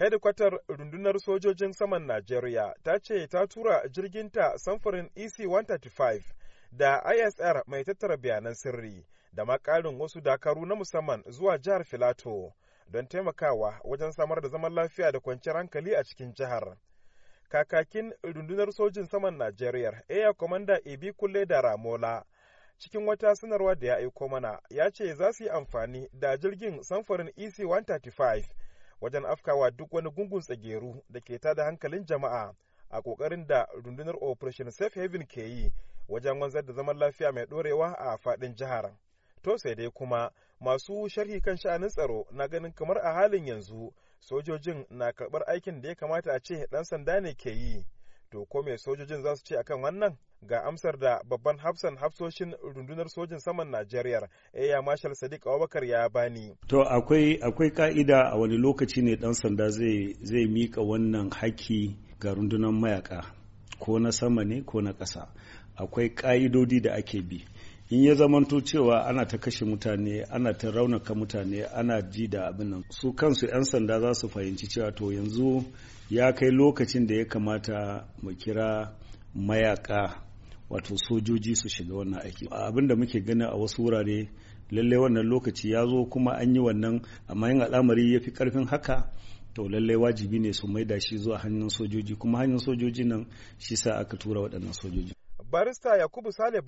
hedikwatar rundunar sojojin saman najeriya ta ce ta tura jirginta samfurin ec-135 da isr mai tattara bayanan sirri da makarin wasu dakaru na musamman zuwa jihar filato don taimakawa wajen samar da zaman lafiya da kwanciyar hankali a cikin jihar kakakin rundunar sojin saman najeriya air commander ibi kulle da ramola cikin wata sanarwa da ya aiko mana ya ce za su yi amfani da jirgin samfurin ec-135 wajen afkawa duk wani gungun tsageru da ke tada hankalin jama'a a kokarin da rundunar operation safe haven ke yi wajen wanzar da zaman lafiya mai dorewa a fadin jihar to sai dai kuma masu sharhi kan sha'anin tsaro na ganin kamar a halin yanzu sojojin na karɓar aikin da ya kamata a ce ɗan sanda ne ke yi To ko me sojojin za su ce akan wannan? Ga amsar da babban hafsan hafsoshin rundunar sojin saman Najeriya, Eya Marshal Sadiq Abubakar ya bani. To akwai akwai ka'ida a wani lokaci ne dan sanda zai zai mika wannan haki ga rundunar mayaka ko na sama ne ko na ƙasa. Akwai ka'idodi da ake bi. in ya zamanto cewa ana ta kashe mutane ana ta raunaka mutane ana ji da abin nan su kansu 'yan sanda za su fahimci cewa to yanzu ya kai lokacin da ya kamata mu kira mayaka wato sojoji su shiga wannan aiki abin da muke gani a wasu wurare lalle wannan lokaci ya zo kuma an yi wannan amma yin al'amari ya fi karfin haka to lallai wajibi ne su maida shi zuwa hannun sojoji kuma hannun sojoji nan shi sa aka tura waɗannan sojoji barista yakubu sale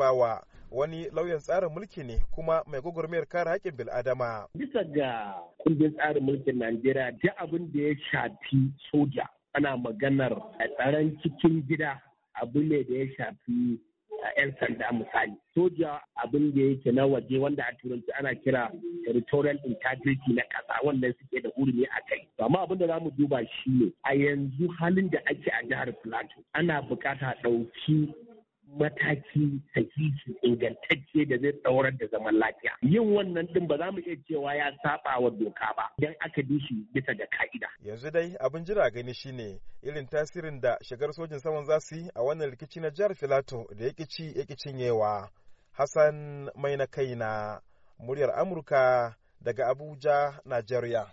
wani lauyan tsarin mulki ne kuma mai gwagwarmayar kare haƙƙin bil'adama. bisa ga kundin tsarin mulkin najeriya duk abin da ya shafi soja ana maganar a tsaron cikin gida abu ne da ya shafi a 'yan sanda misali soja abin da yake na waje wanda a turanci ana kira territorial integrity na ƙasa wannan suke da hurumi a kai amma abin da zamu duba shi ne. a yanzu halin da ake a jihar plateau ana bukata ɗauki mataki sahihi ingantacce da zai tsaurar da zaman lafiya yin wannan din ba za mu iya cewa ya saba wa doka ba idan aka bi shi bisa ga ka'ida yanzu dai abin jira gani shine irin tasirin da shigar sojin saman za su yi a wannan rikici na jihar filato da ya ci ya cinyewa hassan mai na kaina muryar amurka daga abuja najeriya